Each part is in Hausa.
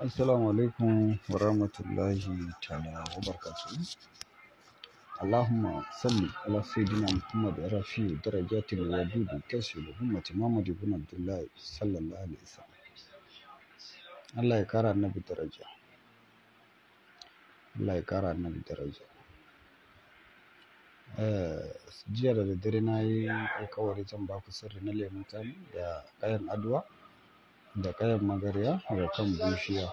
Assalamu alaikum wa rahmatullahi ta'ala wa barakatuh. Allahumma salli ala sayyidina Muhammad wa rafi darajati wa wadudu kashi da ummati Muhammad ibn Abdullah sallallahu alaihi wasallam. Allah ya kara annabi daraja. Allah ya kara annabi daraja. Eh, jiya da daddare na yi alkawari zan ba ku sirri na lemun tsami da kayan aduwa da ƙayan magarya da kan bushiya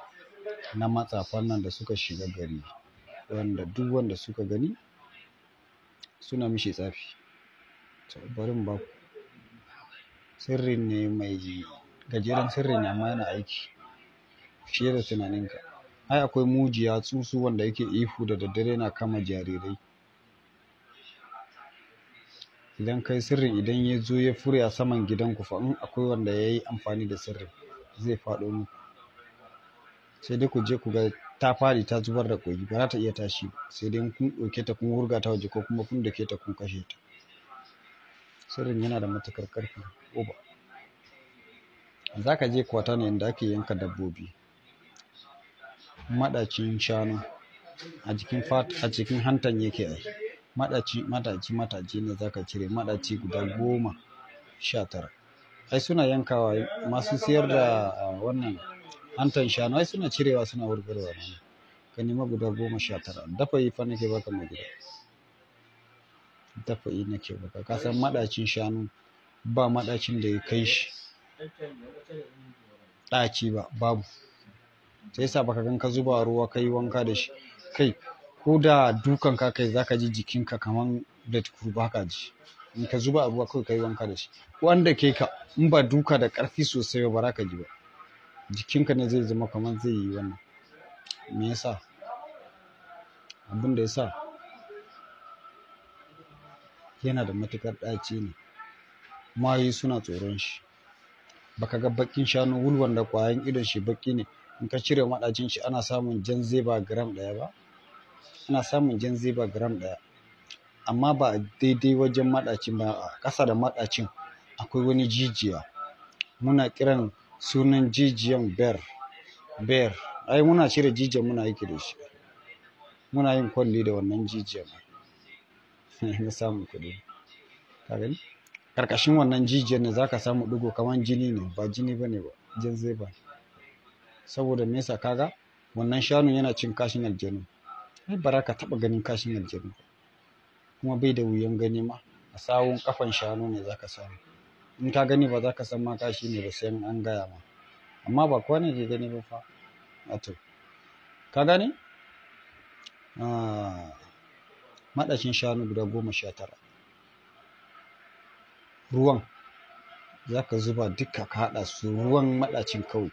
na matsafan nan da suka shiga gari wanda duk wanda suka gani suna mishi tsafi to bari ba ku sirrin ne mai gajeren sirri ne amma yana aiki shi da tunaninka ai akwai mujiya tsusu wanda yake ihu da daddare yana kama jarirai idan kai sirrin idan ya zo ya fure a saman gidanku fa in akwai wanda ya yi amfani da sirrin zai faɗo muku sai dai ku je ku ga ta fari ta zubar da koyi ba za ta iya tashi ba sai dai kun ɗauke ta kun wurga ta waje ko kuma kun dake ta kun kashe ta sirrin yana da matukar ƙarfi oba za ka je kwata ne inda ake yanka dabbobi maɗacin shanu a jikin a cikin hantan yake ai maɗaci maɗaci mataci ne za ka cire maɗaci guda goma sha tara ai suna yankawa masu siyar da wannan hantan shanu ai suna cirewa suna wurgarwa ne ka nema guda goma sha tara dafa yi fa nake baka mai gida dafa yi nake baka ka san maɗacin shanu ba maɗacin da ya kai shi daci ba babu sai sa baka gan ka zuba ruwa ka wanka da shi kai ko da dukan ka kai zaka ji jikinka kamar da kurba ji in ka zuba a ruwa kawai ka yi wanka da shi wanda ke ka in ba duka da ƙarfi sosai ba za ka ji ba jikinka ne zai zama kamar zai yi wannan me yasa abin da yasa yana da matuƙar ɗaci ne mayu suna tsoron shi baka ga baƙin shanu wulwan da ƙwayan idon shi baƙi ne in ka cire maɗacin shi ana samun jan zeba gram ɗaya ba ana samun jan zeba gram ɗaya amma ba a daidai wajen maɗacin ba a ƙasa da maɗacin akwai wani jijiya muna kiran sunan jijiyan bear bear ai muna cire jijiyan muna aiki da shi muna yin kwalli da wannan jijiyan na samun kuɗi karkashin wannan jijiyan ne zaka samu ɗigo kamar jini ne ba jini ba ne ba jin zai ba saboda me yasa kaga wannan shanun yana cin kashin aljanu ai ba za ka taɓa ganin kashin aljanu kuma bai da wuyan gani ma a sawun kafan shanu ne zaka samu in ka gani ba za ka san ma kashi ne ba sai an gaya ma amma ba kowa ne ke gani ba fa wato ka gani? Ah, maɗashin shanu guda goma sha tara ruwan zaka zuba duka ka haɗa su ruwan maɗacin kawai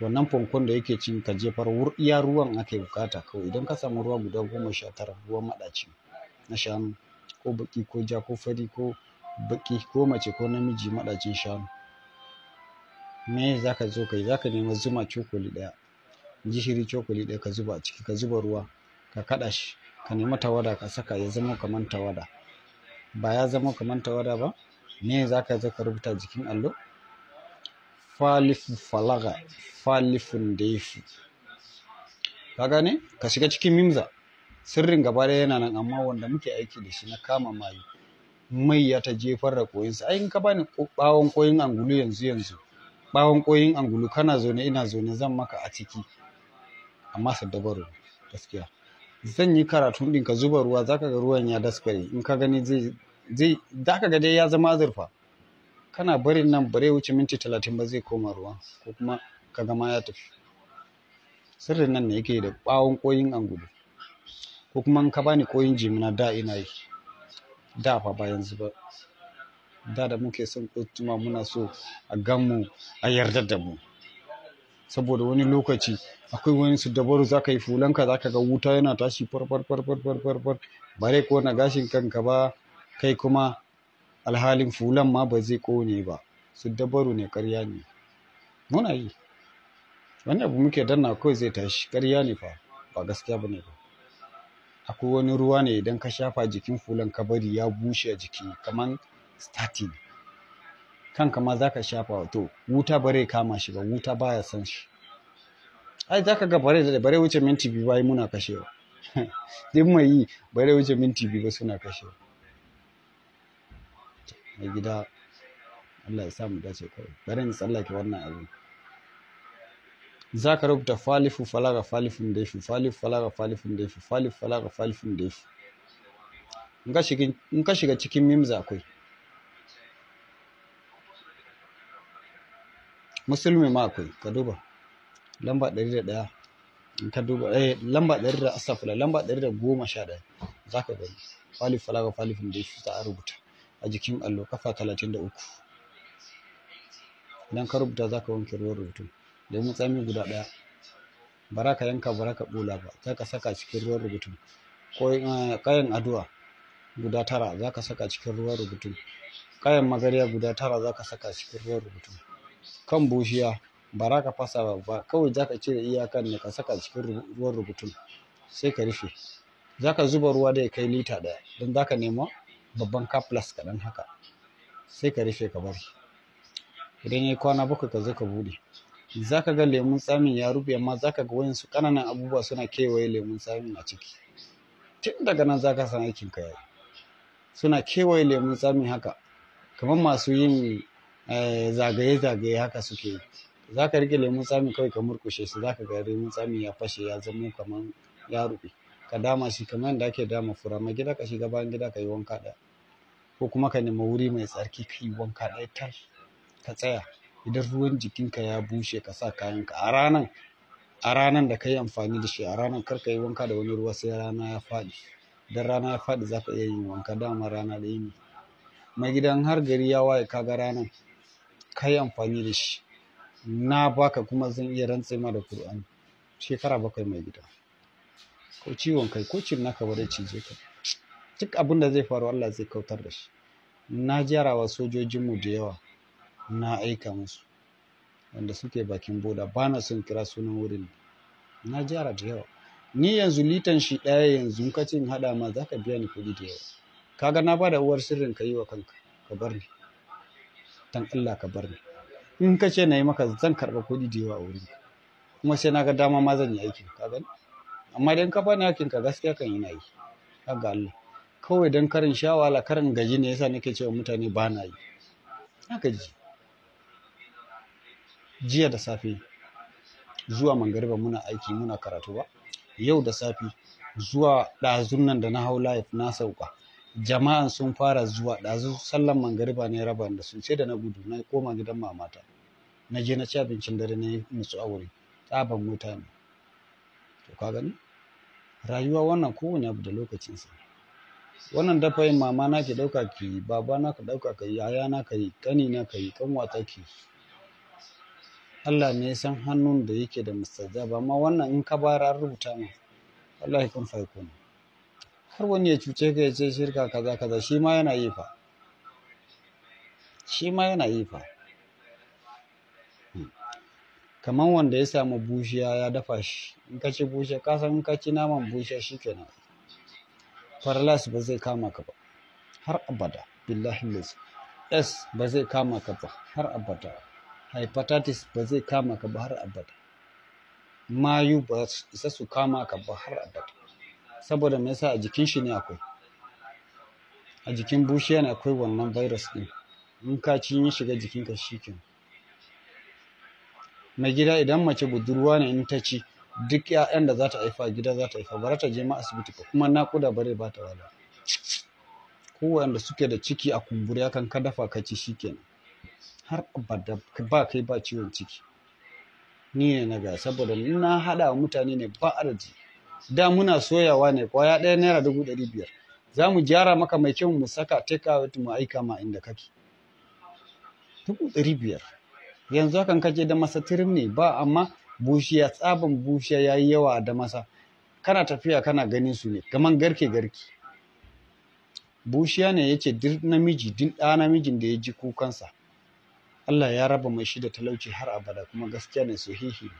wannan fankon da yake cin ka jefar iya ruwan aka yi bukata kawai idan ka samu ruwa guda goma sha tara ruwan maɗaci na shanu ko baƙi ko ja ko fari ko baƙi ko mace ko namiji maɗacin shanu me za ka zo ka yi za ka nema zuma cokali ɗaya gishiri cokali ɗaya ka zuba a ciki ka zuba ruwa ka kaɗa shi ka nema tawada ka saka ya zama kamar tawada ba ya zama kamar tawada ba me za ka zo ka rubuta jikin allo falifu falaga falifun da kaga ka gane ka shiga cikin mimza sirrin gaba ɗaya yana nan amma wanda muke aiki da shi na kama mayu mai ya ta jefar da koyinsa ai in ka bani bawon koyin angulu yanzu yanzu bawon koyin angulu kana zaune ina zaune zan maka a ciki amma dabaro gaskiya zan yi karatun ɗin ka zuba ruwa zaka ga ruwan ya daskare in ka gani zai zai zaka ga dai ya zama azurfa kana barin nan bare wuce minti talatin ba zai koma ruwa ko kuma ka gama ya tafi sirrin nan ne yake da bawon koyin angudu ko kuma in ka bani koyin jimina da ina yi da fa ba yanzu ba da da muke son kotuma muna so a ganmu a yarda da mu saboda wani lokaci akwai wani su dabaru za ka yi fulanka za ka ga wuta yana tashi farfar farfar farfar bare ko na gashin kanka ba kai kuma alhalin fulan ma ba zai ƙone ba su dabaru ne karya ne muna yi wani abu muke danna kawai zai tashi karya ne fa ba gaskiya ba ne ba akwai wani ruwa ne idan ka shafa jikin fulan ka bari ya bushe a jiki kamar statin kanka ma za ka shafa to wuta ba zai kama shi ba wuta baya san shi ai za ka ga bare bare wuce minti biyu bayan muna kashewa duk mai yi bare wuce minti biyu ba suna kashewa na gida Allah ya samu dace kawai bari in tsallake wannan abu za ka rubuta falifu falaga falifin da shi falifu falaga falifin da shi falifu falaga falifin da shi in ka shiga cikin mimza akwai musulmi ma akwai ka duba lamba 101 in ka duba eh lamba da asafula lamba 111 za ka gani falif falaga falifin da shi za a rubuta a jikin allo kafa 33 idan ka rubuta za ka wanke ruwan rubutu. domin tsami guda ɗaya ba ka yanka ba ka ɓula ba za ka saka cikin ruwan rubutu. ko kayan eh, addu'a guda tara za ka saka cikin ruwan rubutu. Kayan magarya guda tara za ka saka cikin ruwan rubutu. kan bushiya ba za ka fasa ba ba kawai za ka cire iyakan ne ka saka cikin ruwan rubutu sai ka rufe za ka zuba ruwa da ya kai lita ɗaya don za ka nema babban kaplas kaɗan haka sai ka rufe ka bari idan ya kwana bakwai ka zo ka buɗe za ka ga lemun tsamin ya rufe amma za ka ga wayansu ƙananan abubuwa suna kewaye lemun tsamin a ciki tun daga nan za ka san aikin ka yayi suna kewaye lemun tsamin haka kamar masu yin eh, zagaye-zagaye haka suke yi za ka rike lemun tsamin kawai ka murkushe su za ka ga lemun tsamin ya fashe ya zama kamar ya rufe ka dama shi kamar yadda ake dama fura mai gida ka shiga bayan gida ka yi wanka ɗaya ko kuma ka nemi wuri mai tsarki ka yi wanka ɗaya tar ka tsaya idan ruwan jikinka ya bushe ka sa kayanka a ranan a ranan da ka yi amfani da shi a ranan kar ka yi wanka da wani ruwa sai rana ya faɗi idan rana ya faɗi za ka iya yin wanka dama rana ɗaya ne mai gidan har gari ya waye kaga ranan ka yi amfani da shi na baka kuma zan iya rantse ma da Kur'ani shekara bakwai mai gida ko ciwon kai ko cin naka ba da cije ka duk abin da zai faru Allah zai kautar da shi na jarawa sojojinmu da yawa na aika musu wanda suke bakin boda ba na son kira sunan wurin na jara da yawa ni yanzu litan shi ɗaya yanzu ka cin haɗa ma za ka biya ni kuɗi da yawa kaga na bada uwar sirrin ka yi wa kanka ka bar ni dan Allah ka bar ni in ka ce na yi maka zan karɓa kuɗi da yawa a wurin kuma sai na ga dama ma zan yi aiki. ka amma idan ka bani hakinka gaskiya kan na yi ga Allah kawai dan karin shawala karin gaji ne yasa nake cewa mutane ba na yi haka ji jiya da safe zuwa mangariba muna aiki muna karatu ba yau da safe zuwa ɗazun nan da na hau laif na sauka jama'an sun fara zuwa ɗazu sallan mangariba ne raba da sun ce da na gudu na koma gidan mamata na je na ci abincin dare na yi musu aure tsaban mutane to ka gani rayuwa wannan kowane abu da lokacinsa wannan dafa yin mama na ki dauka ki baba na ka ɗauka ka yi yaya na ka yi kani na ka yi kanwata ki Allah ne ya san hannun da yake da ba, amma wannan in ka bara an rubuta ma ya kun faiko ne har wani ya cuce ka ya ce shirka kaza kaza shi ma yana yi fa shi ma yana yi fa kamar wanda ya samu bushiya ya dafa shi in ka ci bushiya ka san in ka ci naman bushiya shikenan paralysis ba zai kama ka ba har abada billahi lillahi s ba zai kama ka ba har abada hepatitis ba zai kama ka ba har abada mayu ba isa su kama ka ba har abada saboda me yasa a jikin shi ne akwai a jikin bushiya ne akwai wannan virus din in ka ci ya shiga jikinka shikenan mai gida idan mace budurwa ne in ta ci duk ƴaƴan da za ta haifa gida za ta haifa ba ta je ma asibiti ba kuma nakuda ba zai ba ta ko kowanne suke da ciki a kumburi akan ka dafa ka ci kenan. har abada ba kai ba ciwon ciki ni ne na ga saboda ni na haɗa mutane ne ba arji da muna soyawa ne kwaya ɗaya naira dubu ɗari biyar za mu gyara maka mai kyau mu saka take out mu aika ma inda kake dubu ɗari biyar yanzu hakan kaje da masa tirim ne ba amma bushiya Tsabin bushiya ya yi yawa da masa kana tafiya kana ganin su ne kaman garke garke bushiya ne yace dir namiji din ɗa namijin da ya ji kukansa Allah ya raba mai shi da talauci har abada kuma gaskiya ne sahihi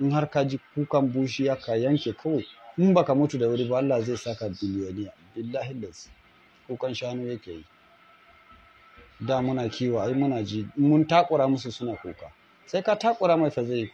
in har ka ji kukan bushiya ka yanke kawai in baka mutu da wuri ba Allah zai saka biliyoniya billahi kukan shanu yake yi da muna kiwo ai muna ji mun takura musu suna kuka sai ka takura mai fa zai